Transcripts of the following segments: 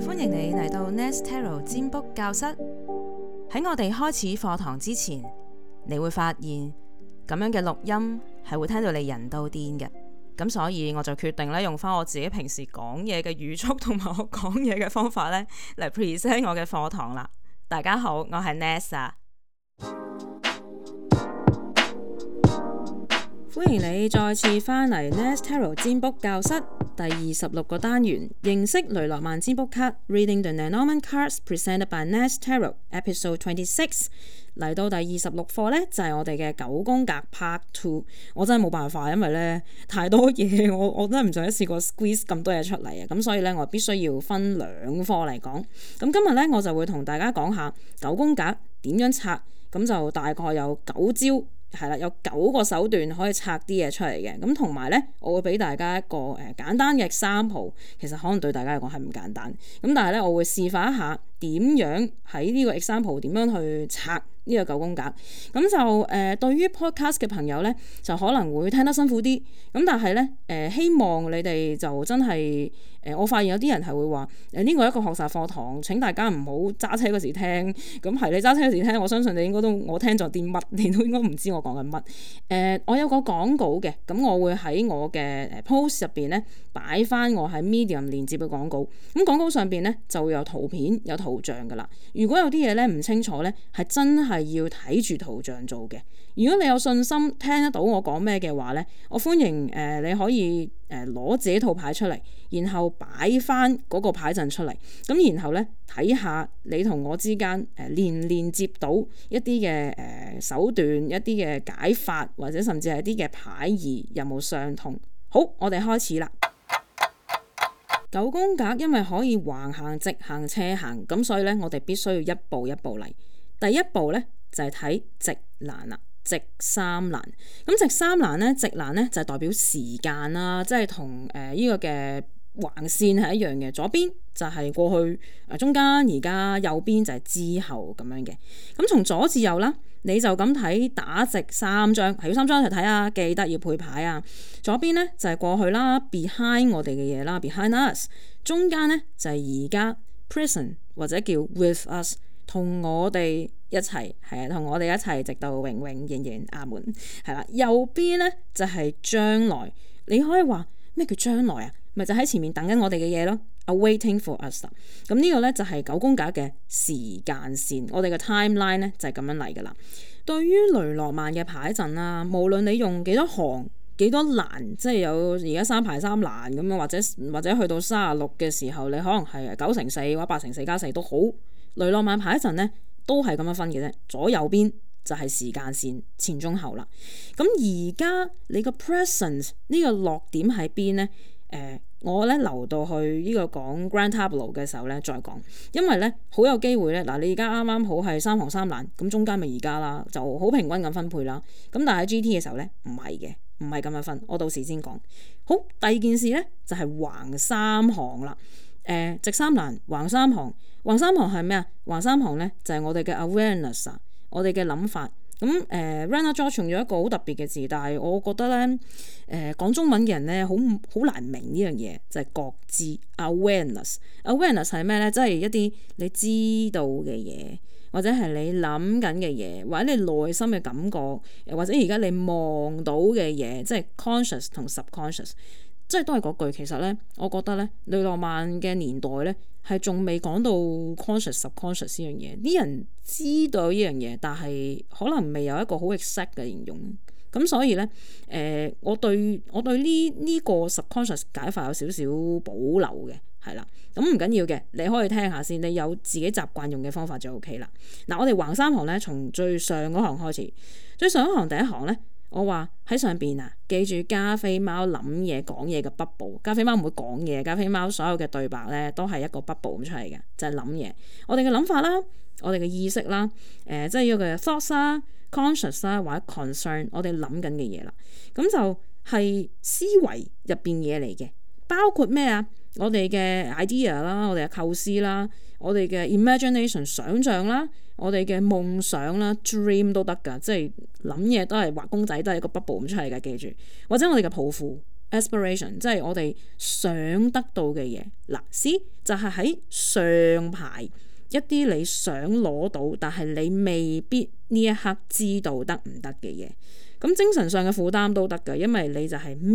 歡迎你嚟到 Nest Tarot 占卜教室。喺我哋開始課堂之前，你會發現咁樣嘅錄音係會聽到你人都癲嘅。咁所以我就決定咧用翻我自己平時講嘢嘅語速同埋我講嘢嘅方法咧嚟 present 我嘅課堂啦。大家好，我係 Nesta。歡迎你再次返嚟 Nest Tarot 占卜教室。第二十六個單元認識雷諾曼占卜卡，Reading the Norman Cards presented by Nash Tarot，Episode Twenty Six。嚟到第二十六課呢，就係、是、我哋嘅九宮格 Part Two。我真係冇辦法，因為呢太多嘢，我我真係唔想試過 squeeze 咁多嘢出嚟啊。咁所以呢，我必須要分兩課嚟講。咁今日呢，我就會同大家講下九宮格點樣拆，咁就大概有九招。係啦，有九個手段可以拆啲嘢出嚟嘅，咁同埋咧，我會俾大家一個誒、呃、簡單嘅 example，其實可能對大家嚟講係唔簡單，咁但係咧，我會示範一下點樣喺呢個 example 點樣去拆。呢個九宮格，咁就誒、呃、對於 podcast 嘅朋友呢，就可能會聽得辛苦啲。咁但係呢，誒、呃，希望你哋就真係誒、呃，我發現有啲人係會話誒，呢、呃、個一個學習課堂，請大家唔好揸車嗰時聽。咁、嗯、係你揸車嗰時聽，我相信你應該都我聽咗啲乜，你都應該唔知我講緊乜。誒、呃，我有個廣告嘅，咁我會喺我嘅 post 入邊呢擺翻我喺 medium 連接嘅廣告。咁、嗯、廣告上邊呢，就會有圖片，有圖像噶啦。如果有啲嘢呢唔清楚呢，係真係。係要睇住圖像做嘅。如果你有信心聽得到我講咩嘅話呢，我歡迎誒、呃，你可以誒攞、呃、自己套牌出嚟，然後擺翻嗰個牌陣出嚟。咁然後呢，睇下你同我之間誒、呃、連連接到一啲嘅誒手段、一啲嘅解法，或者甚至係一啲嘅牌義有冇相通？好，我哋開始啦。九宮格因為可以橫行、直行、斜行，咁所以呢，我哋必須要一步一步嚟。第一步咧就係、是、睇直欄啦，直三欄。咁直三欄咧，直欄咧就係、是、代表時間啦，即係同誒呢個嘅橫線係一樣嘅。左邊就係過去，誒、呃、中間而家，右邊就係之後咁樣嘅。咁、嗯、從左至右啦，你就咁睇打直三張，係要三張一齊睇啊，記得要配牌啊。左邊咧就係、是、過去啦，behind 我哋嘅嘢啦，behind us 中。中間咧就係、是、而家 prison 或者叫 with us。同我哋一齊係啊，同我哋一齊，直到永永遠遠阿門係啦。右邊呢就係、是、將來，你可以話咩叫將來啊？咪就喺、是、前面等緊我哋嘅嘢咯。Awaiting for us 咁呢個呢，就係、是、九宮格嘅時間線，我哋嘅 timeline 呢，就係、是、咁樣嚟㗎啦。對於雷諾曼嘅牌陣啦、啊，無論你用幾多行幾多欄，即係有而家三排三欄咁樣，或者或者去到三十六嘅時候，你可能係九乘四或者八乘四加四都好。雷諾曼排一陣咧，都係咁樣分嘅啫。左右邊就係時間線前中後啦。咁而家你個 presence 呢個落點喺邊咧？誒、呃，我咧留到去呢個講 grand tableau 嘅時候咧再講，因為咧好有機會咧嗱，你而家啱啱好係三行三欄，咁中間咪而家啦，就好平均咁分配啦。咁但係喺 GT 嘅時候咧，唔係嘅，唔係咁樣分。我到時先講。好，第二件事咧就係、是、橫三行啦。呃、直三欄橫三行，橫三行係咩啊？橫三行呢，就係、是、我哋嘅 awareness，我哋嘅諗法。咁 awareness 仲有一個好特別嘅字，但係我覺得呢，誒、呃、講中文嘅人呢，好好難明呢樣嘢，就係、是、覺知 awareness。awareness 係咩呢？即係一啲你知道嘅嘢，或者係你諗緊嘅嘢，或者你內心嘅感覺，或者而家你望到嘅嘢，即係 conscious 同 subconscious。即係都係嗰句，其實咧，我覺得咧，雷諾曼嘅年代咧，係仲未講到 conscious subconscious 呢樣嘢，啲人知道呢樣嘢，但係可能未有一個好 exact 嘅形容。咁所以咧，誒、呃，我對我對呢呢、呢個 subconscious 解法有少少保留嘅，係啦。咁唔緊要嘅，你可以聽下先，你有自己習慣用嘅方法就 OK 啦。嗱，我哋橫三行咧，從最上嗰行開始，最上一行第一行咧。我話喺上邊啊，記住加菲貓諗嘢講嘢嘅 bubble。加菲貓唔會講嘢，加菲貓所有嘅對白咧都係一個 bubble 咁出嚟嘅，就係諗嘢。我哋嘅諗法啦，我哋嘅意識啦，誒、呃，即係要個嘅 thoughts 啦、conscious 啦或者 concern，我哋諗緊嘅嘢啦，咁就係思維入邊嘢嚟嘅，包括咩啊？我哋嘅 idea 啦，我哋嘅構思啦，我哋嘅 imagination 想象啦，我哋嘅夢想啦，dream 都得噶，即係諗嘢都係畫公仔都係一個 bubble 咁出嚟嘅，記住。或者我哋嘅抱負 aspiration，即係我哋想得到嘅嘢。嗱，C 就係喺上排一啲你想攞到，但係你未必呢一刻知道得唔得嘅嘢。咁精神上嘅負擔都得㗎，因為你就係孭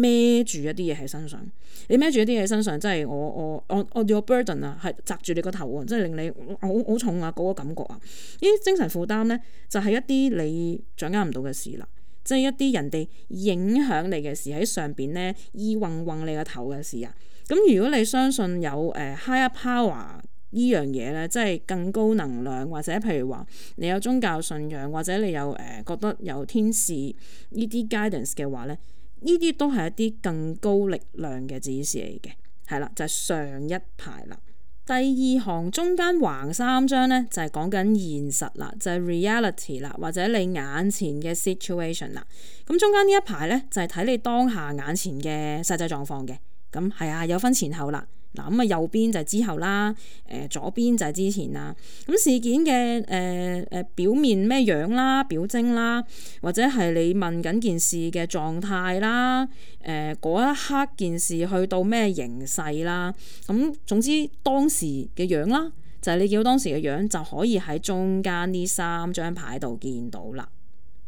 住一啲嘢喺身上，你孭住一啲嘢喺身上，即係我我我我 on your burden 啊，係擲住你個頭喎，即係令你好好重啊嗰個感覺啊。呢啲精神負擔咧就係、是、一啲你掌握唔到嘅事啦，即、就、係、是、一啲人哋影響你嘅事喺上邊咧，依揾揾你個頭嘅事啊。咁如果你相信有誒、呃、higher power。呢樣嘢咧，即係更高能量，或者譬如話你有宗教信仰，或者你有誒、呃、覺得有天使呢啲 guidance 嘅話咧，呢啲都係一啲更高力量嘅指示嚟嘅，係啦，就係、是、上一排啦。第二行中間橫三張咧，就係講緊現實啦，就係、是、reality 啦，或者你眼前嘅 situation 啦。咁中間呢一排咧，就係、是、睇你當下眼前嘅實際狀況嘅。咁、嗯、係啊，有分前後啦。嗱，咁啊，右邊就係之後啦。誒、呃，左邊就係之前啦。咁、嗯、事件嘅誒誒表面咩樣啦，表徵啦，或者係你問緊件事嘅狀態啦。誒、呃，嗰一刻件事去到咩形勢啦？咁、嗯、總之當時嘅樣啦，就係、是、你見到當時嘅樣就可以喺中間呢三張牌度見到啦。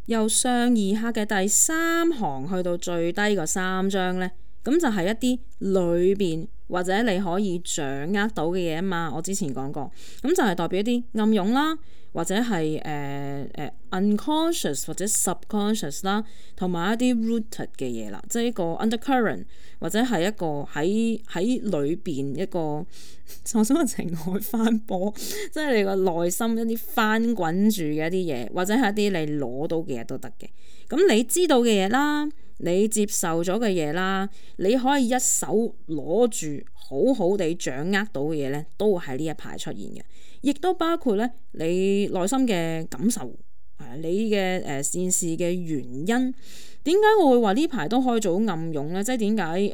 由上而下嘅第三行去到最低個三張咧，咁就係一啲裏邊。或者你可以掌握到嘅嘢啊嘛，我之前講過，咁就係代表一啲暗湧啦，或者係誒誒 unconscious 或者 subconscious 啦，同埋一啲 rooted 嘅嘢啦，即係一個 undercurrent 或者係一個喺喺裏邊一個 我想話情海翻波， 即係你個內心一啲翻滾住嘅一啲嘢，或者係一啲你攞到嘅嘢都得嘅。咁你知道嘅嘢啦。你接受咗嘅嘢啦，你可以一手攞住，好好地掌握到嘅嘢呢，都喺呢一排出現嘅，亦都包括呢，你內心嘅感受，啊、你嘅善事嘅原因。點解我會話呢排都可以做暗湧呢？即係點解誒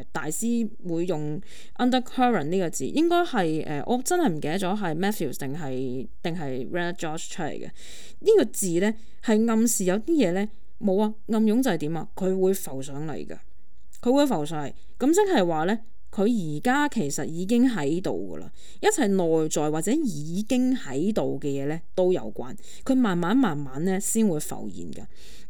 誒大師會用 undercurrent 呢個字？應該係誒、呃、我真係唔記得咗係 Matthews 定係定係 Red Josh 出嚟嘅呢個字呢，係暗示有啲嘢呢。冇啊，暗湧就係點啊，佢會浮上嚟噶，佢會浮上嚟，咁即係話呢，佢而家其實已經喺度噶啦，一切內在或者已經喺度嘅嘢呢，都有關，佢慢慢慢慢呢，先會浮現噶，誒、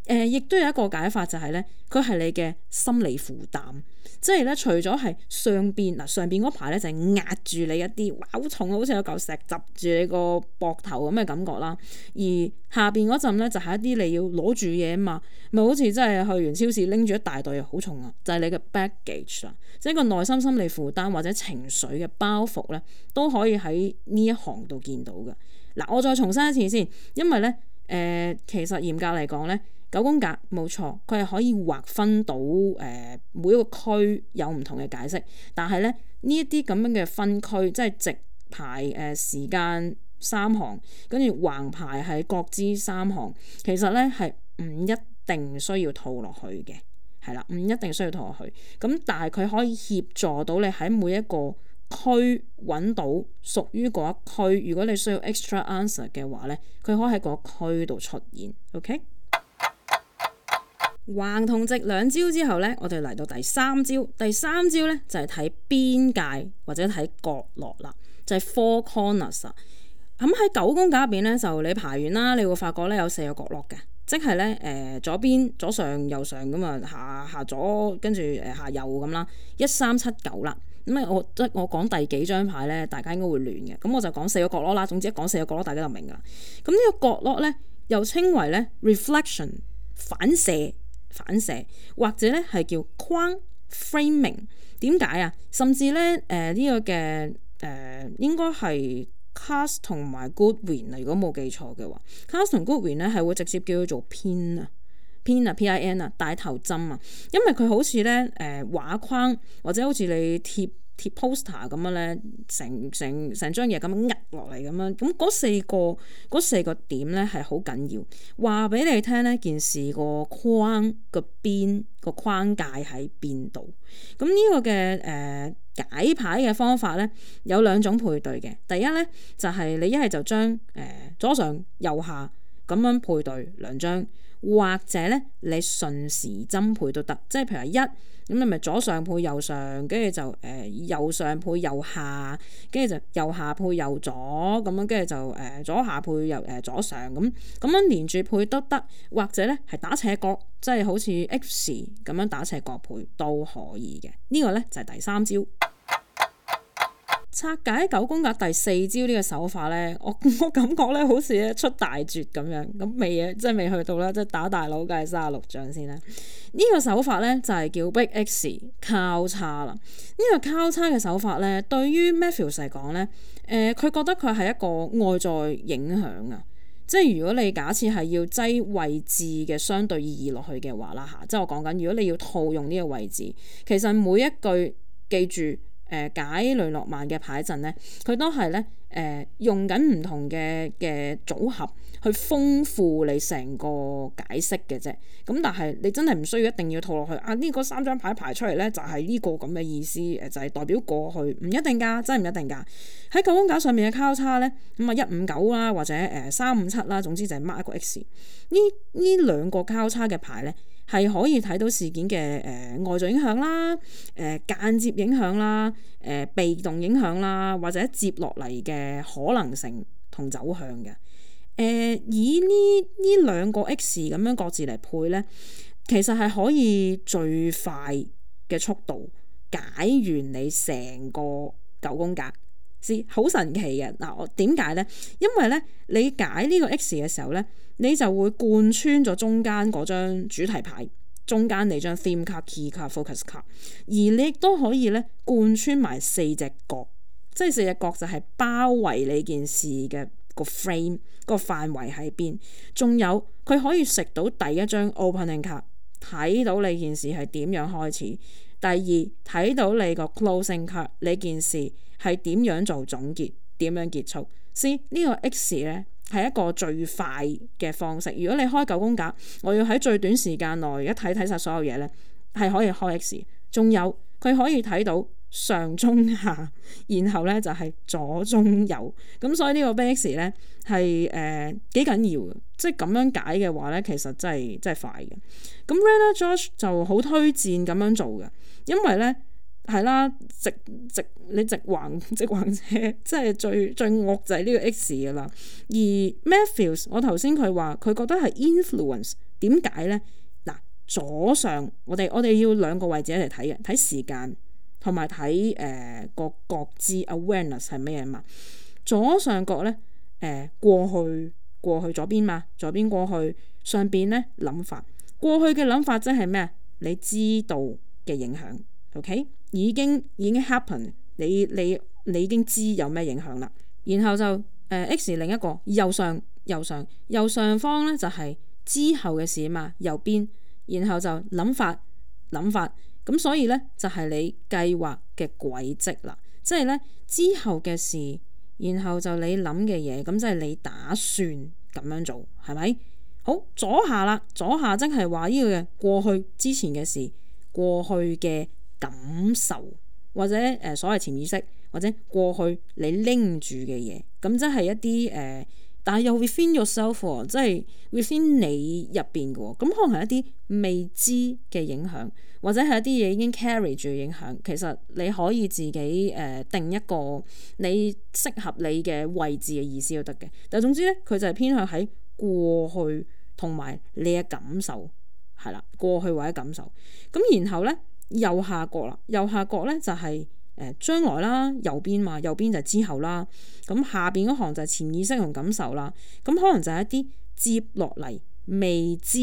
呃，亦都有一個解法就係、是、呢，佢係你嘅心理負擔。即係咧，除咗係上邊嗱，上邊嗰排咧就係壓住你一啲，哇，好重啊，好似有嚿石執住你個膊頭咁嘅感覺啦。而下邊嗰陣咧就係一啲你要攞住嘢啊嘛，咪好似真係去完超市拎住一大袋又好重啊，就係你嘅 baggage 啊，即係個內心心理負擔或者情緒嘅包袱咧，都可以喺呢一行度見到嘅。嗱，我再重申一次先，因為咧。誒、呃、其實嚴格嚟講咧，九宮格冇錯，佢係可以劃分到誒、呃、每一個區有唔同嘅解釋。但係咧，呢一啲咁樣嘅分區，即係直排誒、呃、時間三行，跟住橫排係各支三行，其實咧係唔一定需要套落去嘅，係啦，唔一定需要套落去。咁但係佢可以協助到你喺每一個區揾到屬於嗰一區。如果你需要 extra answer 嘅話呢，佢可以喺嗰一區度出現。OK，橫同直兩招之後呢，我哋嚟到第三招。第三招呢，就係睇邊界或者睇角落啦，就係 four corners 啦。咁喺九宮格入邊呢，就你排完啦，你會發覺呢有四個角落嘅，即係呢誒左邊左上右上咁啊，下下左跟住誒下右咁啦，一三七九啦。咁我即我講第幾張牌咧，大家應該會亂嘅。咁我就講四個角落啦。總之一講四個角落，大家就明噶啦。咁呢個角落咧，又稱為咧 reflection 反射反射，或者咧係叫框 framing。點解啊？甚至咧誒呢個嘅誒、呃、應該係 cast 同埋 goodwin 如果冇記錯嘅話，cast 同 goodwin 咧係會直接叫做偏啊。Pin 啊，PIN 啊，大頭針啊，因為佢好似咧，誒、呃、畫框或者好似你貼貼 poster 咁樣咧，成成成張嘢咁壓落嚟咁樣，咁嗰四個四個點咧係好緊要，話俾你聽呢件事個框個邊個框架喺邊度？咁呢個嘅誒解牌嘅方法咧有兩種配對嘅，第一咧就係、是、你一係就將誒、呃、左上右下咁樣配對兩張。或者咧，你順時針配都得，即係譬如一咁，你咪左上配右上，跟住就誒、呃、右上配右下，跟住就右下配右左咁樣，跟住就誒左下配右誒、呃、左上咁，咁樣，樣連住配都得。或者咧，係打斜角，即係好似 X 咁樣打斜角配都可以嘅。這個、呢個咧就係、是、第三招。拆解九宮格第四招呢個手法呢，我我感覺呢好似咧出大絕咁樣咁未嘢，即係未去到啦，即係打大佬計三十六將先啦。呢、這個手法呢，就係、是、叫 Big X 交叉啦。呢、這個交叉嘅手法呢，對於 Matthew 嚟講呢，佢、呃、覺得佢係一個外在影響啊。即係如果你假設係要擠位置嘅相對意義落去嘅話啦，嚇，即係我講緊如果你要套用呢個位置，其實每一句記住。誒解雷諾曼嘅牌陣咧，佢都係咧誒用緊唔同嘅嘅組合去豐富你成個解釋嘅啫。咁但係你真係唔需要一定要套落去啊！呢個三張牌排出嚟咧，就係呢個咁嘅意思誒，就係代表過去，唔一定㗎，真係唔一定㗎。喺九宮格上面嘅交叉咧，咁、嗯、啊一五九啦，或者誒三五七啦，總之就係 mark 一個 X。呢呢兩個交叉嘅牌咧，係可以睇到事件嘅誒、呃、外在影響啦、誒、呃、間接影響啦、誒、呃、被動影響啦，或者接落嚟嘅可能性同走向嘅誒、呃，以呢呢兩個 X 咁樣各自嚟配呢，其實係可以最快嘅速度解完你成個九宮格。好神奇嘅嗱，我點解呢？因為呢，你解呢個 X 嘅時候呢，你就會貫穿咗中間嗰張主題牌，中間你張 Theme 卡、Key 卡、Focus 卡，而你亦都可以呢貫穿埋四隻角，即係四隻角就係包圍你件事嘅個 frame 個範圍喺邊。仲有佢可以食到第一張 Opening 卡，睇到你件事係點樣開始。第二睇到你個 Closing 卡，你件事。係點樣做總結？點樣結束先？呢個 X 呢，係一個最快嘅方式。如果你開九宮格，我要喺最短時間內一睇睇晒所有嘢呢，係可以開 X。仲有佢可以睇到上中下，然後呢就係左中右。咁所以呢個 Back X 呢，係誒幾緊要嘅。即係咁樣解嘅話呢，其實真係真係快嘅。咁 Rena George 就好推薦咁樣做嘅，因為呢。係啦， 直直你直橫直橫斜，即係最最惡就係呢個 X 噶啦。而 Matthews，我頭先佢話佢覺得係 influence，點解呢？嗱，左上我哋我哋要兩個位置一齊睇嘅，睇時間同埋睇誒個覺知 awareness 係咩嘢嘛？左上角呢，誒、呃、過去過去左邊嘛，左邊過去上邊呢，諗法，過去嘅諗法即係咩？你知道嘅影響。O、okay? K，已經已經 happen，你你你已經知有咩影響啦。然後就誒、呃、X 另一個右上右上右上方咧，就係、是、之後嘅事嘛。右邊，然後就諗法諗法咁，所以咧就係、是、你計劃嘅軌跡啦，即係咧之後嘅事，然後就你諗嘅嘢咁，即係你打算咁樣做係咪？好，左下啦，左下即係話呢個嘅過去之前嘅事，過去嘅。感受或者誒、呃，所謂潛意識或者過去你拎住嘅嘢，咁即係一啲誒、呃，但係又會 within yourself，、哦、即係 within 你入邊嘅。咁、哦、可能係一啲未知嘅影響，或者係一啲嘢已經 carry 住嘅影響。其實你可以自己誒、呃、定一個你適合你嘅位置嘅意思都得嘅。但係總之咧，佢就係偏向喺過去同埋你嘅感受係啦，過去或者感受咁，然後咧。右下角啦，右下角咧，就係誒將來啦，右邊嘛，右邊就之後啦。咁下邊嗰行就係潛意識同感受啦。咁可能就係一啲接落嚟未知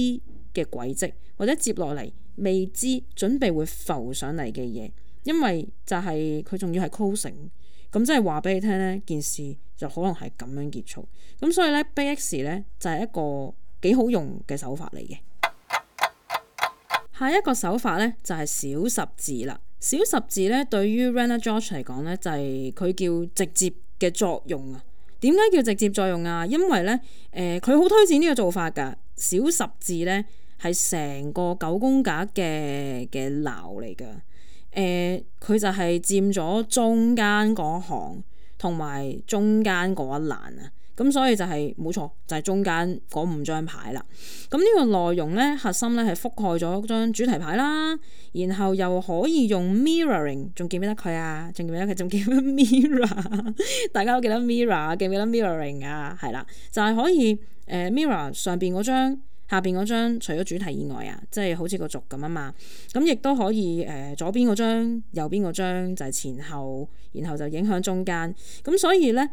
嘅軌跡，或者接落嚟未知準備會浮上嚟嘅嘢。因為就係佢仲要係 closing，咁即係話俾你聽呢件事就可能係咁樣結束。咁所以咧，BX 咧，就係一個幾好用嘅手法嚟嘅。下一個手法呢，就係小十字啦，小十字呢，對於 Rena George 嚟講呢，就係、是、佢叫直接嘅作用啊。點解叫直接作用啊？因為呢，佢、呃、好推薦呢個做法噶，小十字呢，係成個九宮格嘅嘅樓嚟噶，佢、呃、就係佔咗中間嗰行同埋中間嗰一欄啊。咁所以就係、是、冇錯，就係、是、中間嗰五張牌啦。咁呢個內容咧，核心咧係覆蓋咗張主題牌啦，然後又可以用 mirroring，仲記唔記得佢啊？仲記唔記得佢？仲記唔記得 mirror？ 大家都記得 mirror，記唔記得 mirroring 啊？係啦，就係、是、可以誒、呃、mirror 上邊嗰張、下邊嗰張，除咗主題以外啊，即、就、係、是、好似個軸咁啊嘛。咁亦都可以誒、呃、左邊嗰張、右邊嗰張，就係前後，然後就影響中間。咁所以咧。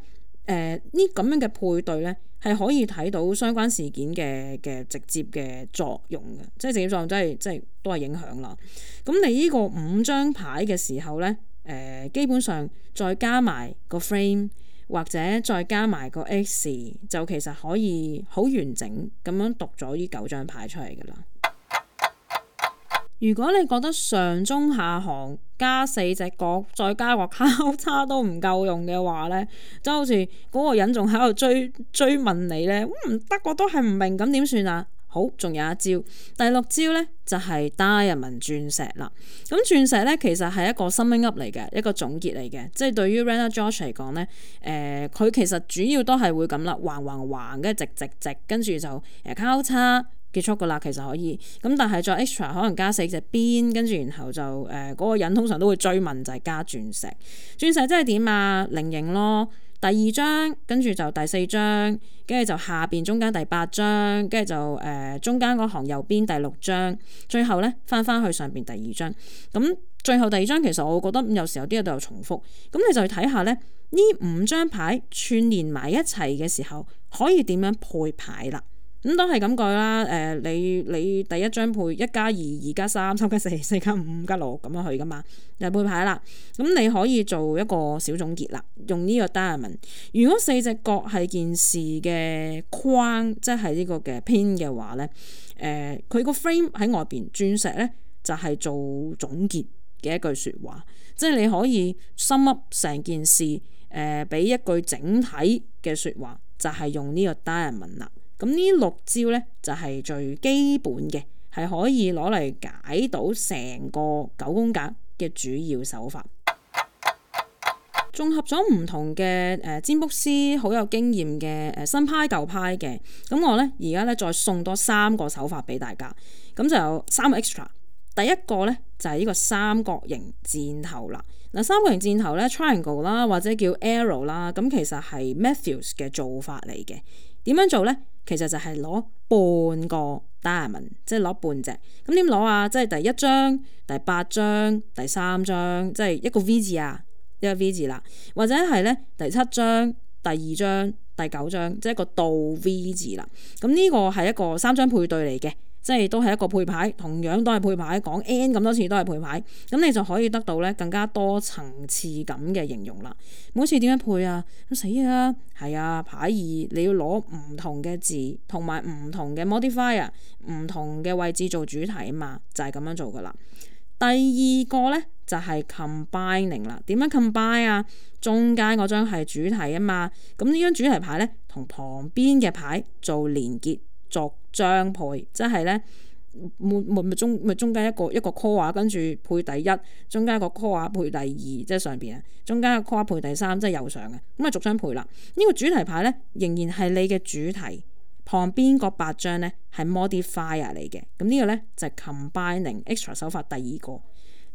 誒，呢咁、呃、樣嘅配對呢，係可以睇到相關事件嘅嘅直接嘅作用嘅，即係直接作用，即係即係都係影響啦。咁你呢個五張牌嘅時候呢，誒、呃，基本上再加埋個 frame 或者再加埋個 x，就其實可以好完整咁樣讀咗呢九張牌出嚟噶啦。如果你覺得上中下行加四隻角再加個交叉都唔夠用嘅話呢，即係好似嗰個人仲喺度追追問你呢。唔得，我都係唔明，咁點算啊？好，仲有一招，第六招呢，就係 Diamond 鑽石啦。咁鑽石呢，其實係一個 summing up 嚟嘅，一個總結嚟嘅，即係對於 Rena George 嚟講呢，誒、呃、佢其實主要都係會咁啦，橫橫橫嘅，直直直，跟住就交叉。結束㗎喇，其實可以咁，但係再 extra 可能加四隻邊，跟住然後就誒嗰、呃那個人通常都會追問就係、是、加鑽石，鑽石即係點啊？零影咯，第二張跟住就第四張，跟住就下邊中間第八張，跟住就誒、呃、中間嗰行右邊第六張，最後咧返返去上邊第二張。咁、嗯、最後第二張其實我覺得有時候啲嘢都有重複，咁你就去睇下咧呢五張牌串連埋一齊嘅時候可以點樣配牌啦。咁都係咁句啦。誒、呃，你你第一張配一加二，二加三，三加四，四加五，五加六咁樣去噶嘛？就係配牌啦。咁你可以做一個小總結啦。用呢個 diamond，如果四隻角係件事嘅框，即係、呃、呢個嘅篇嘅話咧，誒，佢個 frame 喺外邊，鑽石咧就係、是、做總結嘅一句說話，即係你可以 sum up 成件事誒，俾、呃、一句整體嘅說話，就係、是、用呢個 diamond 啦。咁呢六招呢，就係、是、最基本嘅，係可以攞嚟解到成個九宮格嘅主要手法。綜 合咗唔同嘅誒、呃、占卜師好有經驗嘅誒新派舊派嘅咁，我呢而家呢，再送多三個手法俾大家。咁就有三個 extra。第一個呢，就係、是、呢個三角形箭頭啦。嗱、呃，三角形箭頭呢 triangle 啦或者叫 arrow 啦），咁其實係 Matthews 嘅做法嚟嘅。點樣做呢？其實就係攞半個 diamond，即係攞半隻。咁點攞啊？即係第一張、第八張、第三張，即係一個 V 字啊，一個 V 字啦。或者係咧，第七張、第二張、第九張，即係一個倒 V 字啦。咁呢個係一個三張配對嚟嘅。即係都係一個配牌，同樣都係配牌。講 n 咁多次都係配牌，咁你就可以得到咧更加多層次咁嘅形容啦。每次點樣配啊？死啊！係啊，牌二你要攞唔同嘅字同埋唔同嘅 modifier 啊，唔同嘅位置做主題啊嘛，就係、是、咁樣做噶啦。第二個咧就係、是、combining 啦。點樣 combine 啊？中間嗰張係主題啊嘛，咁呢張主題牌咧同旁邊嘅牌做連結。逐張配，即係咧，冇冇冇中，咪中間一個一個 call 啊，跟住配第一，中間一個 call 啊配第二，即係上邊啊，中間一個 call 配第三，即係右上嘅，咁啊逐張配啦。呢個主題牌咧，仍然係你嘅主題，旁邊嗰八張咧係 modifier 嚟嘅，咁呢個咧就係 combining extra 手法第二個。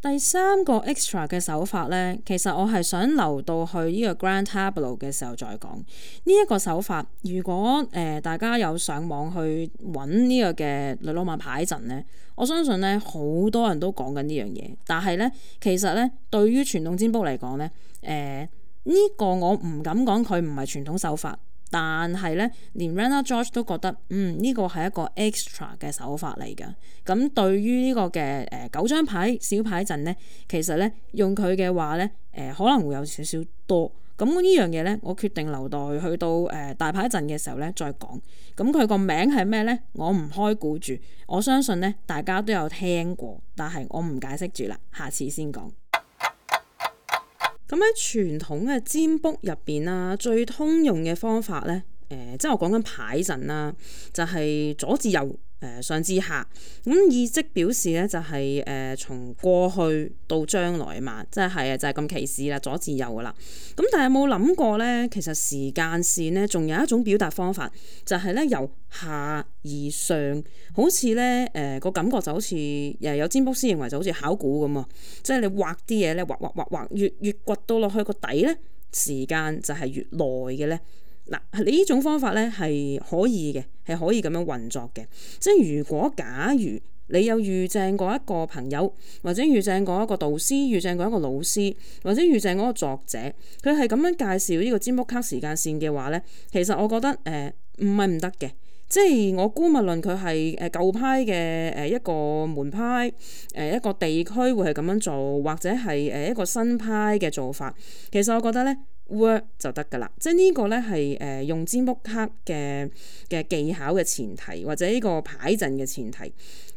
第三個 extra 嘅手法呢，其實我係想留到去呢個 Grand Tableau 嘅時候再講呢一個手法。如果誒、呃、大家有上網去揾呢個嘅雷諾曼牌陣呢，我相信呢，好多人都講緊呢樣嘢。但係呢，其實呢，對於傳統占卜嚟講呢，誒、呃、呢、呢個我唔敢講佢唔係傳統手法。但係咧，連 Rena George 都覺得，嗯，呢個係一個 extra 嘅手法嚟㗎。咁對於呢個嘅誒、呃、九張牌小牌陣咧，其實咧用佢嘅話咧，誒、呃、可能會有少少多。咁呢樣嘢咧，我決定留待去到誒、呃、大牌陣嘅時候咧再講。咁佢個名係咩咧？我唔開估住，我相信咧大家都有聽過，但係我唔解釋住啦，下次先講。咁喺傳統嘅占卜入邊啊，最通用嘅方法咧。誒、呃，即係我講緊牌陣啦，就係、是、左至右，誒、呃、上至下。咁意即表示咧，就係誒從過去到將來嘛，即係係啊，就係、是、咁歧視啦，左至右噶啦。咁但係有冇諗過咧？其實時間線咧，仲有一種表達方法，就係、是、咧由下而上，好似咧誒個感覺就好似誒有占卜師認為就好似考古咁啊，即係你畫啲嘢咧，畫畫畫畫，越越掘到落去個底咧，時間就係越耐嘅咧。嗱，你呢種方法咧係可以嘅，係可以咁樣運作嘅。即係如果假如你有遇正過一個朋友，或者遇正過一個導師，遇正過一個老師，或者遇正嗰個作者，佢係咁樣介紹呢個占卜卡時間線嘅話咧，其實我覺得誒唔係唔得嘅。即係我姑勿論佢係誒舊派嘅誒一個門派，誒、呃、一個地區會係咁樣做，或者係誒一個新派嘅做法，其實我覺得咧。work 就得噶啦，即係呢個呢係誒用尖木黑嘅嘅技巧嘅前提，或者呢個牌陣嘅前提。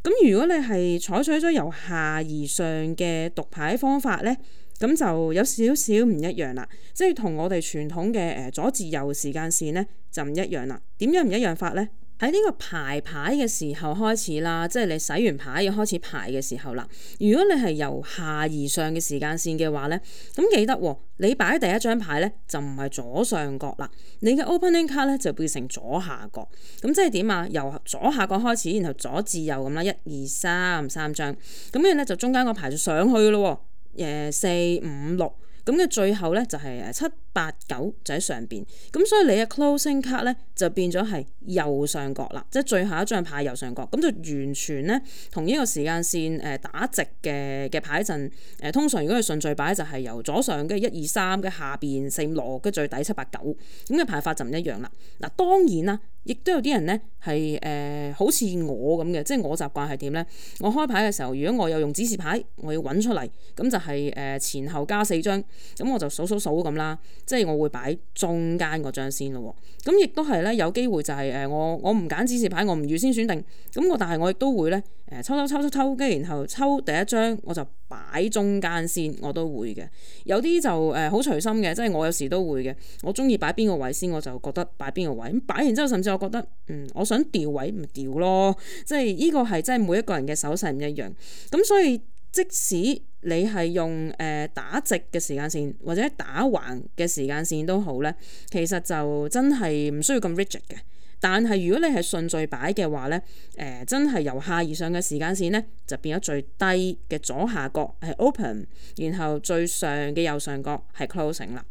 咁如果你係採取咗由下而上嘅讀牌方法呢，咁就有少少唔一樣啦。即係同我哋傳統嘅誒左至右時間線呢，就唔一樣啦。點樣唔一樣法呢？喺呢個排牌嘅時候開始啦，即係你洗完牌要開始排嘅時候啦。如果你係由下而上嘅時間線嘅話咧，咁記得你擺第一張牌咧就唔係左上角啦，你嘅 opening card 咧就變成左下角。咁即係點啊？由左下角開始，然後左至右咁啦，一二三三張。咁樣咧就中間個牌就上去咯。誒，四五六。咁嘅最後咧就係誒，七八九就喺上邊，咁所以你嘅 closing card 咧就變咗係右上角啦，即係最後一張牌右上角，咁就完全咧同呢個時間線誒打直嘅嘅牌陣誒，通常如果係順序擺就係由左上嘅一二三、嘅下邊四五六、嘅最底七八九，咁嘅排法就唔一樣啦。嗱，當然啦。亦都有啲人呢，係誒、呃、好似我咁嘅，即係我習慣係點呢？我開牌嘅時候，如果我有用指示牌，我要揾出嚟，咁就係、是、誒、呃、前後加四張，咁我就數數數咁啦。即係我會擺中間嗰張先咯喎。咁亦都係呢有機會就係、是、誒、呃、我我唔揀指示牌，我唔預先選定。咁我但係我亦都會呢誒抽抽抽抽抽，跟住然後抽第一張我就擺中間先，我都會嘅。有啲就誒好、呃、隨心嘅，即係我有時都會嘅，我中意擺邊個位先，我就覺得擺邊個位，咁擺完之後甚至。我覺得嗯，我想調位唔調咯，即係呢個係即係每一個人嘅手勢唔一樣，咁所以即使你係用誒、呃、打直嘅時間線或者打橫嘅時間線都好呢，其實就真係唔需要咁 rigid 嘅。但係如果你係順序擺嘅話呢，誒、呃、真係由下而上嘅時間線呢，就變咗最低嘅左下角係 open，然後最上嘅右上角係 closing 啦。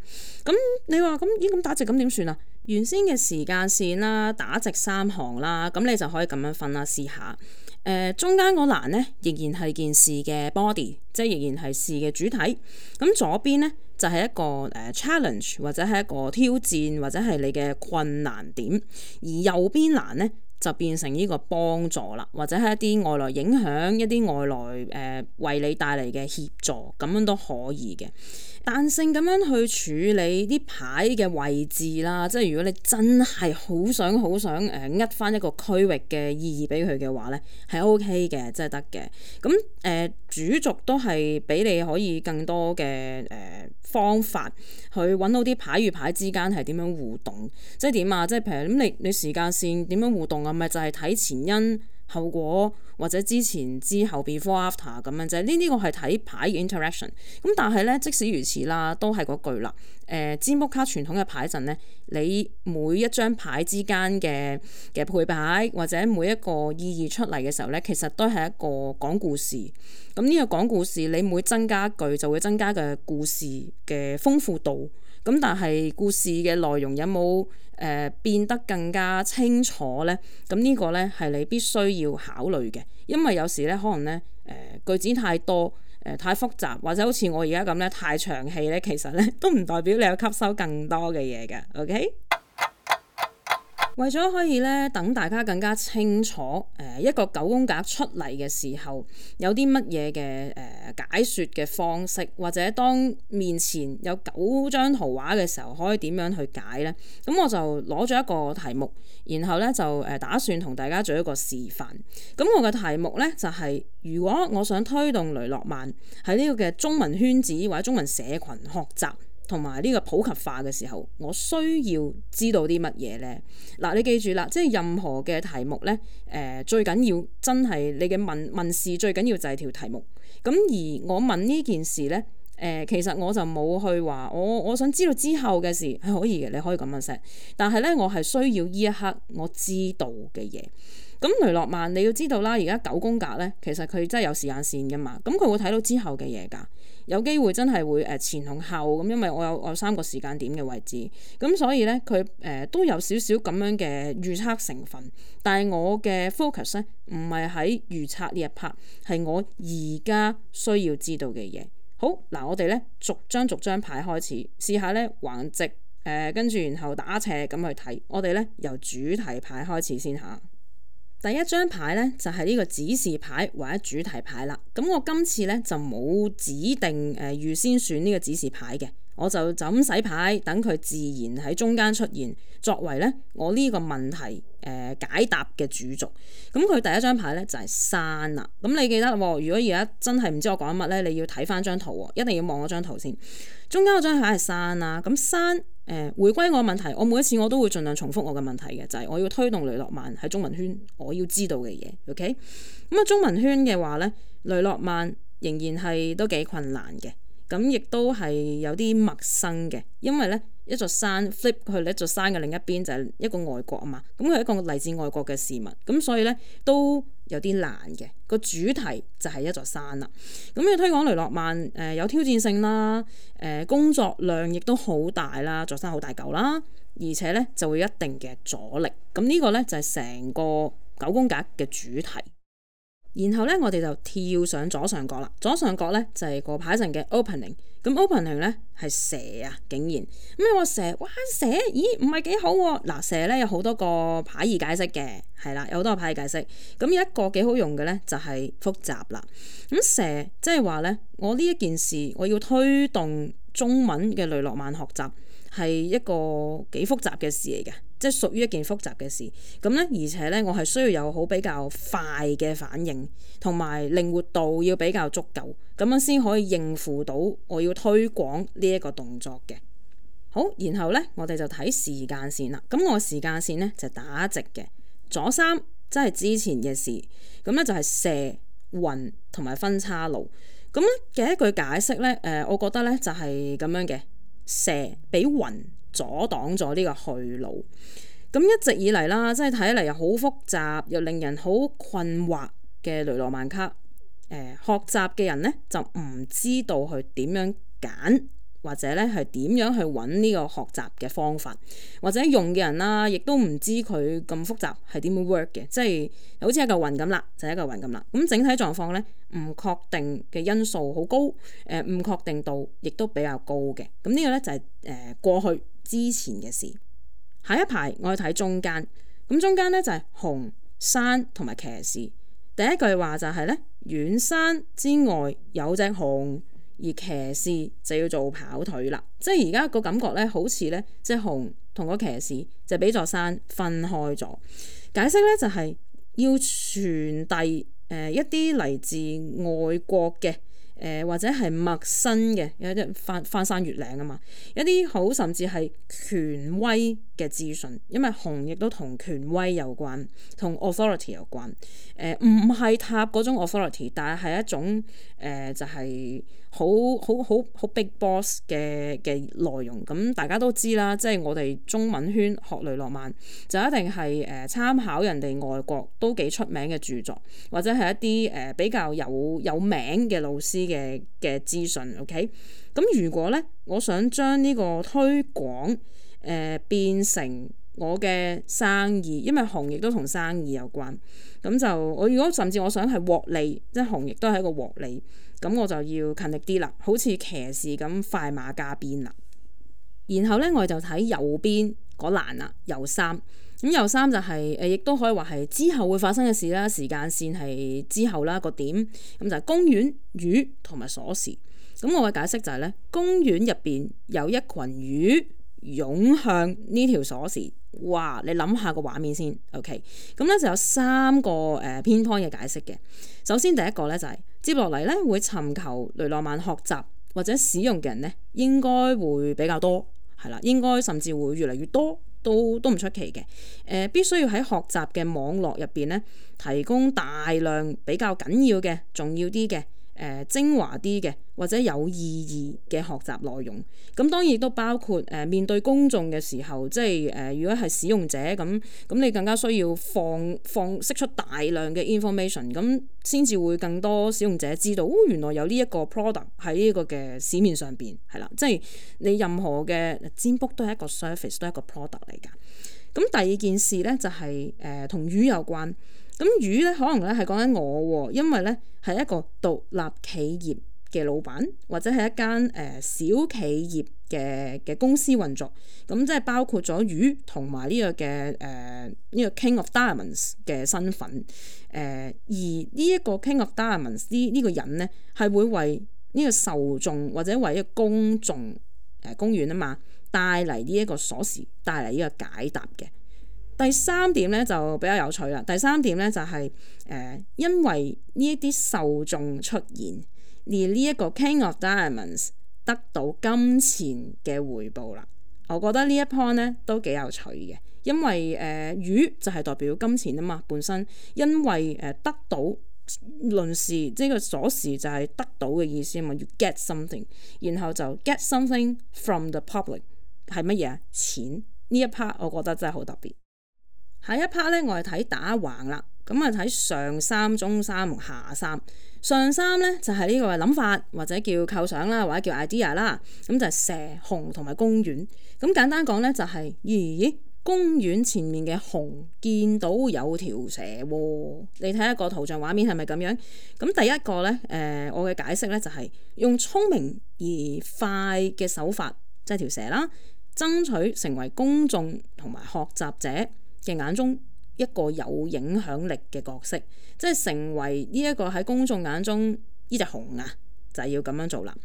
咁你話咁咦咁打直咁點算啊？原先嘅時間線啦，打直三行啦，咁你就可以咁樣分啦、啊，試下。誒、呃，中間嗰欄呢，仍然係件事嘅 body，即係仍然係事嘅主體。咁左邊呢，就係、是、一個誒 challenge，或者係一個挑戰，或者係你嘅困難點。而右邊欄呢，就變成呢個幫助啦，或者係一啲外來影響，一啲外來誒、呃、為你帶嚟嘅協助，咁樣都可以嘅。彈性咁樣去處理啲牌嘅位置啦，即係如果你真係好想好想誒，厄、呃、翻一個區域嘅意義俾佢嘅話咧，係 O K 嘅，即係得嘅。咁誒、呃，主軸都係俾你可以更多嘅誒、呃、方法去揾到啲牌與牌之間係點樣互動，即係點啊？即係譬如咁，你你時間線點樣互動啊？咪就係、是、睇前因。後果或者之前之後 before after 咁樣啫，呢呢個係睇牌嘅 interaction。咁但係咧，即使如此啦，都係嗰句啦。誒、呃，占卜卡傳統嘅牌陣咧，你每一張牌之間嘅嘅配牌或者每一個意義出嚟嘅時候咧，其實都係一個講故事。咁呢個講故事，你每增加一句就會增加嘅故事嘅豐富度。咁但係故事嘅內容有冇誒、呃、變得更加清楚呢？咁呢個呢係你必須要考慮嘅，因為有時呢可能呢誒、呃、句子太多、呃、太複雜，或者好似我而家咁呢太長氣呢，其實呢都唔代表你有吸收更多嘅嘢嘅，OK？為咗可以咧，等大家更加清楚，誒、呃、一個九宮格出嚟嘅時候，有啲乜嘢嘅誒解説嘅方式，或者當面前有九張圖畫嘅時候，可以點樣去解呢？咁我就攞咗一個題目，然後咧就誒打算同大家做一個示範。咁我嘅題目呢，就係、是，如果我想推動雷諾曼喺呢個嘅中文圈子或者中文社群學習。同埋呢個普及化嘅時候，我需要知道啲乜嘢呢？嗱，你記住啦，即係任何嘅題目呢，誒、呃、最緊要真係你嘅問問事最緊要就係條題目。咁而我問呢件事呢，誒、呃、其實我就冇去話我我想知道之後嘅事係可以嘅，你可以咁問先。但係呢，我係需要呢一刻我知道嘅嘢。咁、嗯、雷諾曼你要知道啦，而家九宮格呢，其實佢真係有時間線㗎嘛，咁佢會睇到之後嘅嘢㗎。有機會真係會誒前同後咁，因為我有我有三個時間點嘅位置咁，所以呢，佢誒、呃、都有少少咁樣嘅預測成分。但係我嘅 focus 呢，唔係喺預測呢一 part，係我而家需要知道嘅嘢。好，嗱，我哋呢逐張逐張牌開始試下呢，橫直跟住、呃、然後打斜咁去睇。我哋呢，由主題牌開始先下。第一張牌呢，就係呢個指示牌或者主題牌啦。咁我今次呢，就冇指定誒預先選呢個指示牌嘅。我就就咁洗牌，等佢自然喺中間出現，作為咧我呢個問題誒、呃、解答嘅主軸。咁、嗯、佢第一張牌咧就係、是、山啦、啊。咁、嗯、你記得喎、哦，如果而家真係唔知我講乜咧，你要睇翻張圖喎、哦，一定要望嗰張圖先。中間嗰張牌係山啦、啊。咁、嗯、山誒、呃、回歸我問題，我每一次我都會盡量重複我嘅問題嘅，就係、是、我要推動雷諾曼喺中文圈，我要知道嘅嘢。OK，咁、嗯、啊中文圈嘅話咧，雷諾曼仍然係都幾困難嘅。咁亦都係有啲陌生嘅，因為呢一座山 flip 去呢座山嘅另一邊就係一個外國啊嘛，咁佢係一個嚟自外國嘅市民，咁所以呢都有啲難嘅，個主題就係一座山啦。咁你推廣雷諾曼，誒、呃、有挑戰性啦，誒、呃、工作量亦都好大啦，座山好大嚿啦，而且呢就會一定嘅阻力。咁、這、呢個呢就係、是、成個九宮格嘅主題。然後咧，我哋就跳上左上角啦。左上角咧就係個牌陣嘅 opening。咁 opening 咧係蛇啊，竟然咁咩話蛇，哇蛇，咦唔係幾好啊？嗱蛇咧有好多個牌義解釋嘅，係啦，有好多個牌義解釋。咁有一個幾好用嘅咧就係複雜啦。咁蛇即係話咧，我呢一件事我要推動中文嘅雷諾曼學習，係一個幾複雜嘅事嚟嘅。即係屬於一件複雜嘅事，咁呢，而且呢，我係需要有好比較快嘅反應，同埋靈活度要比較足夠，咁樣先可以應付到我要推廣呢一個動作嘅。好，然後呢，我哋就睇時間線啦。咁我時間線呢，就是、打直嘅左三，即係之前嘅事。咁呢，就係射、雲同埋分叉路。咁呢嘅一句解釋呢，誒我覺得呢，就係咁樣嘅，射比雲、比雲。阻擋咗呢個去路，咁一直以嚟啦，即係睇嚟又好複雜，又令人好困惑嘅雷諾曼卡。誒、呃，學習嘅人呢，就唔知道佢點樣揀，或者呢係點樣去揾呢個學習嘅方法，或者用嘅人啦，亦都唔知佢咁複雜係點樣 work 嘅，即係好似一嚿雲咁啦，就係、是、一嚿雲咁啦。咁、嗯、整體狀況呢，唔確定嘅因素好高，誒、呃，唔確定度亦都比較高嘅。咁、嗯、呢、這個呢、就是，就係誒過去，之前嘅事，下一排我去睇中間，咁中間呢就係紅山同埋騎士。第一句話就係咧，遠山之外有隻熊，而騎士就要做跑腿啦。即係而家個感覺呢，好似呢即係熊同個騎士就俾座山分開咗。解釋呢就係要傳遞誒一啲嚟自外國嘅。誒、呃、或者係陌生嘅，有啲翻翻山越嶺啊嘛，有啲好，甚至係權威嘅資訊，因為紅亦都同權威有關，同 authority 有關。唔、呃、係塔嗰種 authority，但係係一種誒、呃，就係好好好 big boss 嘅嘅內容。咁、嗯、大家都知啦，即、就、係、是、我哋中文圈學雷諾曼，就一定係誒、呃、參考人哋外國都幾出名嘅著作，或者係一啲誒、呃、比較有有名嘅老師嘅嘅資訊。OK，咁、嗯、如果呢，我想將呢個推廣。誒、呃、變成我嘅生意，因為行業都同生意有關。咁就我如果甚至我想係獲利，即係行業都係一個獲利，咁我就要勤力啲啦，好似騎士咁快馬加鞭啦。然後呢，我就睇右邊嗰欄啦，右三咁右三就係、是、誒，亦都可以話係之後會發生嘅事啦。時間線係之後啦，個點咁就係公園魚同埋鎖匙。咁我嘅解釋就係、是、呢，公園入邊有一群魚。湧向呢條鎖匙，哇！你諗下個畫面先，OK？咁咧就有三個誒偏方嘅解釋嘅。首先第一個咧就係、是、接落嚟咧會尋求雷諾曼學習或者使用嘅人呢，應該會比較多，係啦，應該甚至會越嚟越多，都都唔出奇嘅。誒、呃、必須要喺學習嘅網絡入邊咧提供大量比較緊要嘅重要啲嘅。誒、呃、精華啲嘅或者有意義嘅學習內容，咁當然亦都包括誒、呃、面對公眾嘅時候，即係誒、呃、如果係使用者咁，咁你更加需要放放釋出大量嘅 information，咁先至會更多使用者知道，哦、原來有呢一,一個 product 喺呢個嘅市面上邊，係啦，即係你任何嘅占卜都係一個 service 都係一個 product 嚟㗎。咁第二件事呢，就係誒同魚有關。咁魚咧可能咧係講緊我喎，因為咧係一個獨立企業嘅老闆，或者係一間誒小企業嘅嘅公司運作，咁即係包括咗魚同埋呢個嘅誒呢個 King of Diamonds 嘅身份誒、呃，而呢一個 King of Diamonds 呢個人咧係會為呢個受眾或者為一個公眾誒、呃、公園啊嘛帶嚟呢一個鎖匙，帶嚟呢個解答嘅。第三點咧就比較有趣啦。第三點咧就係、是、誒、呃，因為呢一啲受眾出現而呢一個 King of Diamonds 得到金錢嘅回報啦。我覺得呢一 part 咧都幾有趣嘅，因為誒、呃、魚就係代表金錢啊嘛。本身因為誒得到鑰匙，即個鎖匙就係得到嘅意思啊嘛。要 get something，然後就 get something from the public 係乜嘢啊？錢呢一 part 我覺得真係好特別。下一 part 咧，我係睇打橫啦。咁啊，睇上三、中三同下三。上三咧就係呢個諗法，或者叫構想啦，或者叫 idea 啦。咁就係蛇、熊同埋公園。咁簡單講咧、就是，就係咦？公園前面嘅熊見到有條蛇喎，你睇下個圖像畫面係咪咁樣？咁第一個咧，誒、呃，我嘅解釋咧就係、是、用聰明而快嘅手法，即係條蛇啦，爭取成為公眾同埋學習者。嘅眼中一個有影響力嘅角色，即係成為呢一個喺公眾眼中呢隻熊啊，就係要咁樣做啦。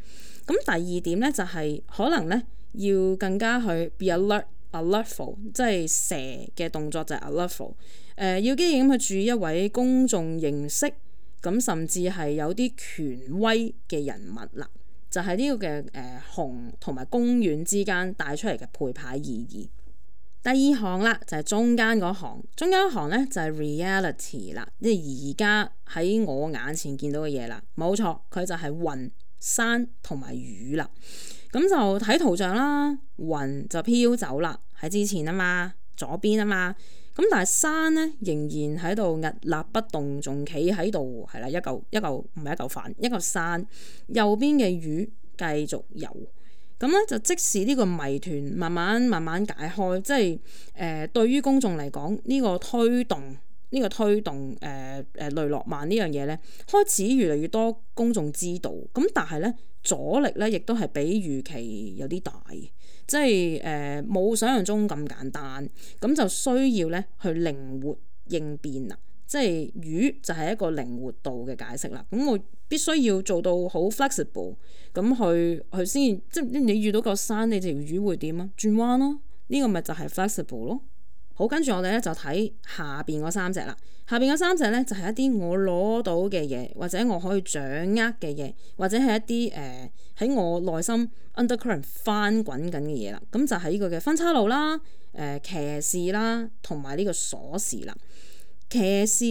咁第二點呢，就係、是、可能呢，要更加去 be alert, alertful，即係蛇嘅動作就係 alertful、呃。要機警咁去注意一位公眾認識，咁甚至係有啲權威嘅人物啦，就係、是、呢個嘅誒熊同埋公園之間帶出嚟嘅陪伴意義。第二行啦，就係中間嗰行。中間一行咧就係 reality 啦，即係而家喺我眼前見到嘅嘢啦。冇錯，佢就係雲、山同埋雨啦。咁就睇圖像啦，雲就飄走啦，喺之前啊嘛，左邊啊嘛。咁但係山咧仍然喺度屹立不動，仲企喺度，係啦，一嚿一嚿唔係一嚿飯，一嚿山。右邊嘅雨繼續游。咁咧就即使呢個謎團慢慢慢慢解開，即係誒對於公眾嚟講，呢、這個推動呢、這個推動誒誒、呃呃、雷諾曼呢樣嘢咧，開始越嚟越多公眾知道。咁但係咧阻力咧亦都係比預期有啲大，即係誒冇想象中咁簡單。咁就需要咧去靈活應變啦。即係魚就係一個靈活度嘅解釋啦。咁我必須要做到好 flexible，咁佢佢先即係你遇到個山，你條魚會點啊？轉彎咯、啊，呢、這個咪就係 flexible 咯。好，跟住我哋咧就睇下邊嗰三隻啦。下邊嗰三隻咧就係、是、一啲我攞到嘅嘢，或者我可以掌握嘅嘢，或者係一啲誒喺我內心 undercurrent 翻滾緊嘅嘢啦。咁就係呢個嘅分叉路啦、誒、呃、騎士啦同埋呢個鎖匙啦。騎士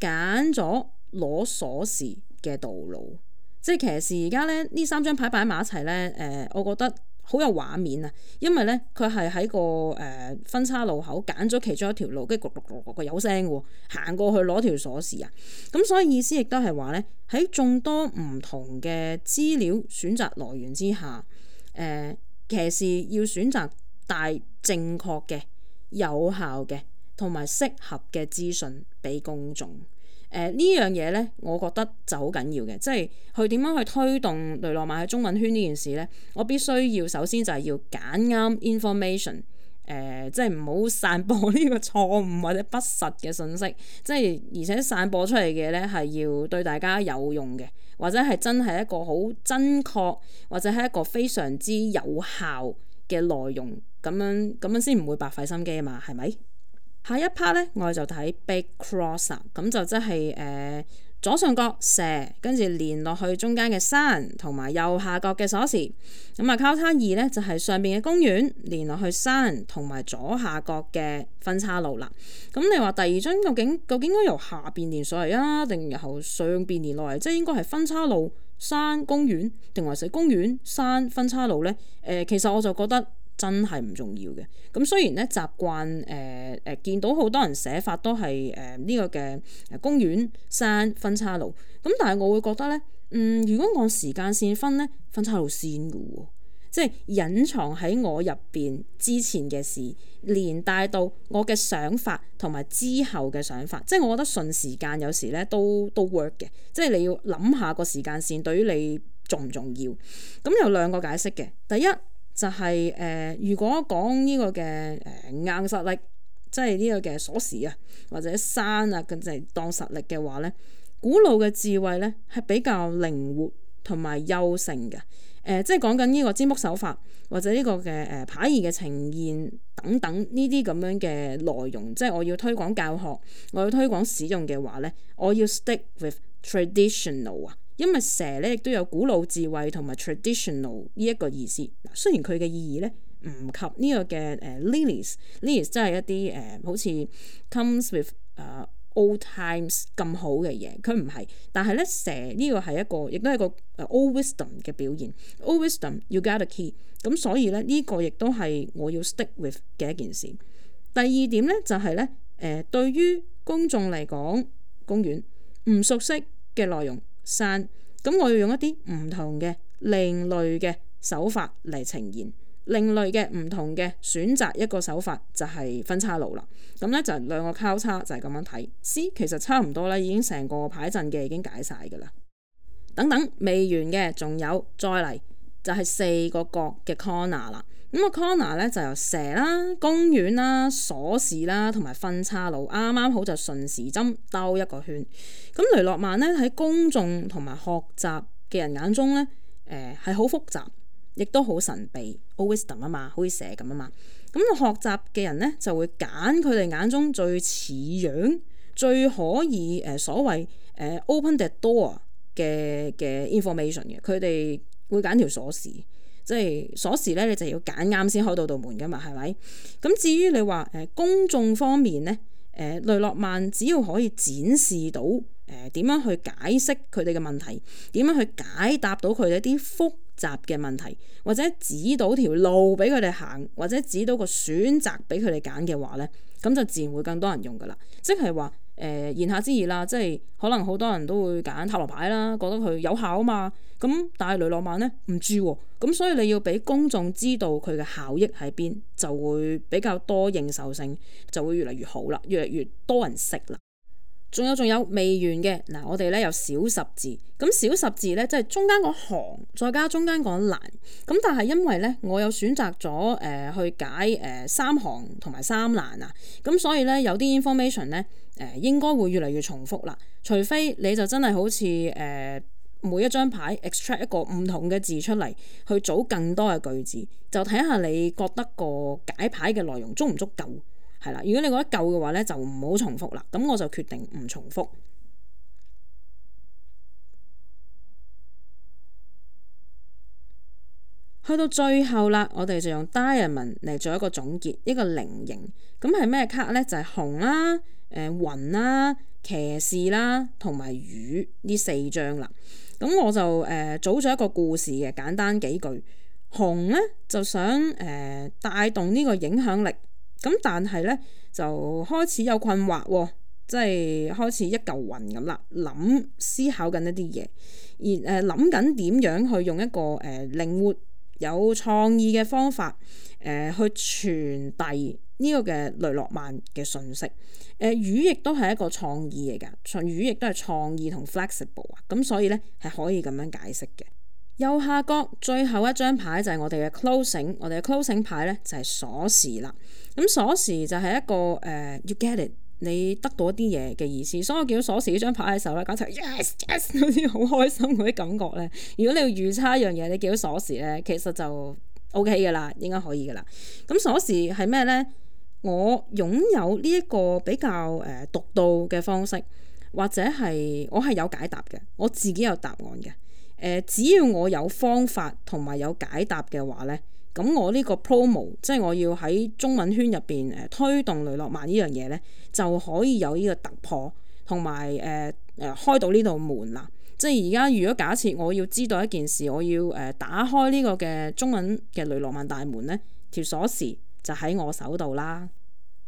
揀咗攞鎖匙嘅道路，即係騎士而家咧呢三張牌擺埋一齊咧。誒、呃，我覺得好有畫面啊，因為咧佢係喺個誒、呃、分岔路口揀咗其中一條路，跟住咯咯咯咯有聲嘅行過去攞條鎖匙啊。咁、嗯、所以意思亦都係話咧，喺眾多唔同嘅資料選擇來源之下，誒、呃、騎士要選擇帶正確嘅、有效嘅。同埋適合嘅資訊俾公眾，誒、呃、呢樣嘢呢，我覺得就好緊要嘅，即係佢點樣去推動雷諾曼喺中文圈呢件事呢？我必須要首先就係要揀啱 information，誒、呃、即係唔好散播呢個錯誤或者不實嘅信息，即係而且散播出嚟嘅呢，係要對大家有用嘅，或者係真係一個好真確或者係一個非常之有效嘅內容，咁樣咁樣先唔會白費心機啊嘛，係咪？下一 part 咧，我哋就睇 Big Cross 咁就即係誒、呃、左上角蛇，跟住連落去中間嘅山，同埋右下角嘅鎖匙。咁啊交叉二呢，就係、是、上邊嘅公園，連落去山同埋左下角嘅分岔路啦。咁、嗯、你話第二張究竟究竟應該由下邊連上嚟啊，定由上邊連落嚟？即係應該係分岔路、山、公園，定還是，是公園、山、分岔路呢？誒、呃，其實我就覺得。真係唔重要嘅。咁雖然咧，習慣誒誒、呃、見到好多人寫法都係誒呢個嘅公園山分岔路。咁但係我會覺得咧，嗯，如果按時間線分咧，分岔路先嘅喎。即係隱藏喺我入邊之前嘅事，連帶到我嘅想法同埋之後嘅想法。即係我覺得順時間有時咧都都 work 嘅。即係你要諗下個時間線對於你重唔重要。咁有兩個解釋嘅，第一。就係、是、誒、呃，如果講呢個嘅、呃、硬實力，即係呢個嘅鎖匙啊，或者山啊，咁嚟當實力嘅話呢，古老嘅智慧呢，係比較靈活同埋優勝嘅。即係講緊呢個占卜手法或者呢個嘅誒牌意嘅呈現等等呢啲咁樣嘅內容，即係我要推廣教學，我要推廣使用嘅話呢，我要 stick with traditional 啊。因為蛇咧，亦都有古老智慧同埋 traditional 呢一個意思。雖然佢嘅意義咧，唔及呢個嘅誒、uh, lilies, lilies 真係一啲誒，uh, 好似 comes with 誒、uh, old times 咁好嘅嘢，佢唔係。但係咧，蛇呢個係一個，亦都係一個 old wisdom 嘅表現。old wisdom 要加個 key 咁，所以咧呢、呢個亦都係我要 stick with 嘅一件事。第二點咧就係咧誒，對於公眾嚟講，公園唔熟悉嘅內容。散，咁我要用一啲唔同嘅另類嘅手法嚟呈現，另類嘅唔同嘅，選擇一個手法就係分叉路啦。咁呢就兩個交叉就係咁樣睇，C 其實差唔多啦，已經成個牌陣嘅已經解晒噶啦。等等未完嘅仲有，再嚟就係、是、四個角嘅 corner 啦。咁啊 corner 咧就由蛇啦、公園啦、鎖匙啦同埋分叉路，啱啱好就順時針兜一個圈。咁雷諾曼咧喺公眾同埋學習嘅人眼中咧，誒係好複雜，亦都好神秘，always dark 啊嘛，好似蛇咁啊嘛。咁、嗰個學習嘅人咧就會揀佢哋眼中最似樣、最可以誒、呃、所謂誒、呃、open the door 嘅嘅 information 嘅，佢哋會揀條鎖匙。即係鎖匙咧，你就要揀啱先開到道門噶嘛，係咪？咁至於你話誒、呃、公眾方面咧，誒雷諾曼，只要可以展示到誒點、呃、樣去解釋佢哋嘅問題，點樣去解答到佢哋一啲複雜嘅問題，或者指到條路俾佢哋行，或者指到個選擇俾佢哋揀嘅話咧，咁就自然會更多人用噶啦，即係話。呃、言下之意啦，即係可能好多人都會揀塔羅牌啦，覺得佢有效啊嘛。咁但係雷諾曼呢，唔知喎，咁所以你要俾公眾知道佢嘅效益喺邊，就會比較多認受性，就會越嚟越好啦，越嚟越多人識啦。仲有仲有未完嘅，嗱，我哋咧有小十字，咁小十字咧即係中間個行再加中間個欄，咁但係因為咧我有選擇咗誒去解誒、呃、三行同埋三欄啊，咁所以咧有啲 information 咧誒、呃、應該會越嚟越重複啦，除非你就真係好似誒、呃、每一張牌 extract 一個唔同嘅字出嚟去組更多嘅句子，就睇下你覺得個解牌嘅內容足唔足夠？係啦，如果你覺得夠嘅話呢，就唔好重複啦。咁我就決定唔重複。去到最後啦，我哋就用 Diamond 嚟做一個總結，一個菱形。咁係咩卡呢？就係紅啦、誒、呃、雲啦、啊、騎士啦同埋魚呢四張啦。咁我就誒、呃、組咗一個故事嘅簡單幾句。紅呢，就想誒、呃、帶動呢個影響力。咁但係咧就開始有困惑喎，即係開始一嚿雲咁啦，諗思考緊一啲嘢，而誒諗緊點樣去用一個誒、呃、靈活有創意嘅方法誒、呃、去傳遞呢個嘅雷諾曼嘅信息誒、呃、語譯都係一個創意嚟㗎，從語譯都係創意同 flexible 啊，咁所以咧係可以咁樣解釋嘅。右下角最後一張牌就係我哋嘅 closing，我哋嘅 closing 牌咧就係、是、鎖匙啦。咁鎖匙就係一個誒、呃、you get it，你得到一啲嘢嘅意思。所以我見到鎖匙呢張牌嘅時候咧，簡直 yes yes，好似好開心嗰啲感覺咧。如果你要預測一樣嘢，你見到鎖匙咧，其實就 ok 㗎喇，應該可以㗎喇。咁、嗯、鎖匙係咩咧？我擁有呢一個比較誒、呃、獨到嘅方式，或者係我係有解答嘅，我自己有答案嘅。誒、呃，只要我有方法同埋有，有解答嘅話呢，咁我呢個 promo，即係我要喺中文圈入邊誒推動雷諾曼呢樣嘢呢，就可以有呢個突破同埋誒誒開到呢度門啦。即係而家如果假設我要知道一件事，我要誒、呃、打開呢個嘅中文嘅雷諾曼大門呢，條鎖匙就喺我手度啦。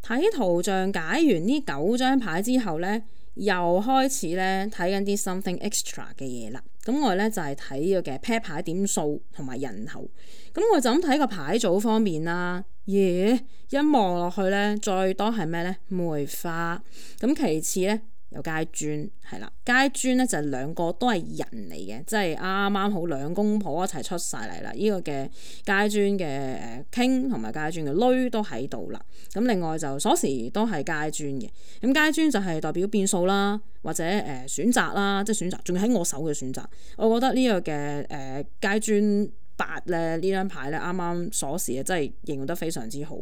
睇圖像解完呢九張牌之後呢，又開始呢睇緊啲 something extra 嘅嘢啦。咁我咧就係、是、睇個嘅 pair 牌點數同埋人頭，咁我就咁睇個牌組方面啦。耶，一望落去咧，最多係咩咧？梅花，咁其次咧？有階磚，係啦，階磚咧就係兩個都係人嚟嘅，即係啱啱好兩公婆一齊出晒嚟啦。呢、這個嘅階磚嘅誒誒 K 同埋階磚嘅女都喺度啦。咁另外就鎖匙都係階磚嘅。咁階磚就係代表變數啦，或者誒、呃、選擇啦，即係選擇，仲要喺我手嘅選擇。我覺得呢個嘅誒階磚。八咧呢張牌咧，啱啱鎖匙啊，真係形容得非常之好，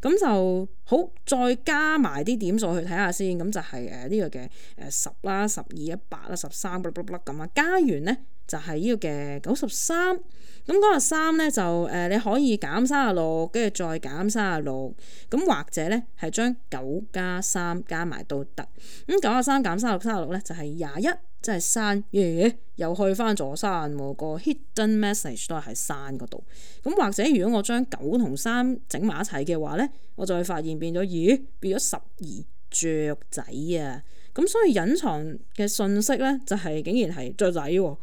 咁就好再加埋啲點數去睇下先，咁就係誒呢個嘅誒十啦、十、呃、二、一百啦、十三，咁啊，加完咧。就係呢個嘅九十三，咁嗰個三咧就誒、呃、你可以減卅六，跟住再減卅六，咁或者咧係將九加三加埋都得。咁九啊三減卅六三十六咧就係廿一，即係山。咦？又去翻座山喎，個 hidden message 都係喺山嗰度。咁或者如果我將九同三整埋一齊嘅話咧，我就會發現變咗咦變咗十二雀仔啊！咁所以隱藏嘅信息咧就係、是、竟然係雀仔喎、啊。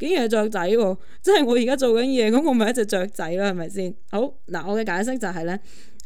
竟然係雀仔喎，即係我而家做緊嘢，咁我咪一隻雀仔啦，係咪先？好嗱，我嘅解釋就係呢：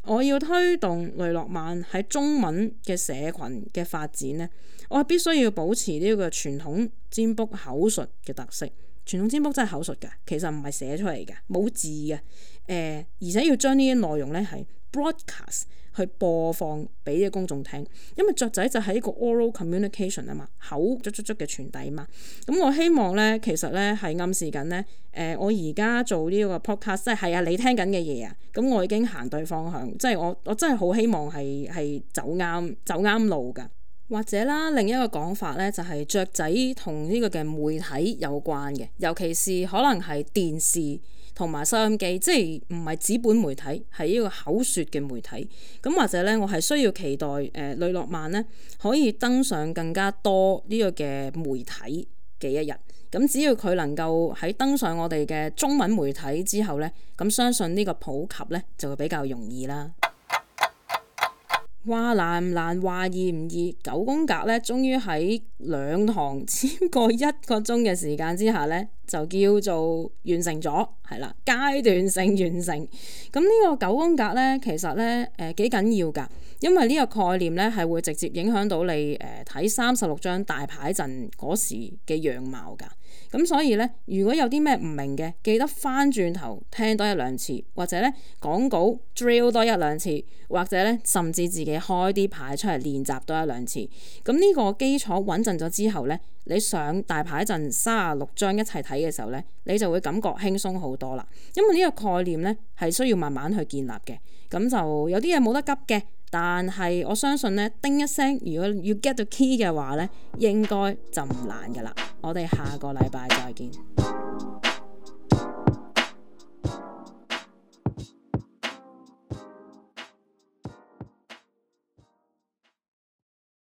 我要推動雷諾曼喺中文嘅社群嘅發展呢，我係必須要保持呢個傳統占卜口述嘅特色。傳統占卜真係口述㗎，其實唔係寫出嚟嘅，冇字嘅，呃，而且要將呢啲內容呢係 broadcast。去播放俾啲公眾聽，因為雀仔就係一個 oral communication 啊嘛，口喐喐喐嘅傳遞啊嘛。咁我希望呢，其實呢係暗示緊呢，誒、呃、我而家做呢個 podcast，即係啊你聽緊嘅嘢啊，咁我已經行對方向，即係我我真係好希望係係走啱走啱路㗎。或者啦，另一個講法呢，就係、是、雀仔同呢個嘅媒體有關嘅，尤其是可能係電視。同埋收音機，即係唔係紙本媒體，係一個口説嘅媒體。咁或者呢，我係需要期待誒雷、呃、諾曼呢可以登上更加多呢個嘅媒體嘅一日。咁只要佢能夠喺登上我哋嘅中文媒體之後呢，咁相信呢個普及呢就會比較容易啦。話難唔難，話易唔易？九宮格咧，終於喺兩堂超過一個鐘嘅時間之下咧，就叫做完成咗，係啦，階段性完成。咁呢個九宮格咧，其實咧，誒，幾緊要噶，因為呢個概念咧，係會直接影響到你誒睇三十六張大牌陣嗰時嘅樣貌噶。咁所以咧，如果有啲咩唔明嘅，記得翻轉頭聽多一兩次，或者咧，講稿 drill 多一兩次，或者咧，甚至自己開啲牌出嚟練習多一兩次。咁、嗯、呢、呢個基礎穩陣咗之後咧，你上大牌陣三十六張一齊睇嘅時候咧，你就會感覺輕鬆好多啦。因為呢個概念咧，係需要慢慢去建立嘅，咁、嗯、就有啲嘢冇得急嘅。但係我相信呢，叮一聲，如果要 get 到 key 嘅話呢，應該就唔難㗎喇。我哋下個禮拜再見。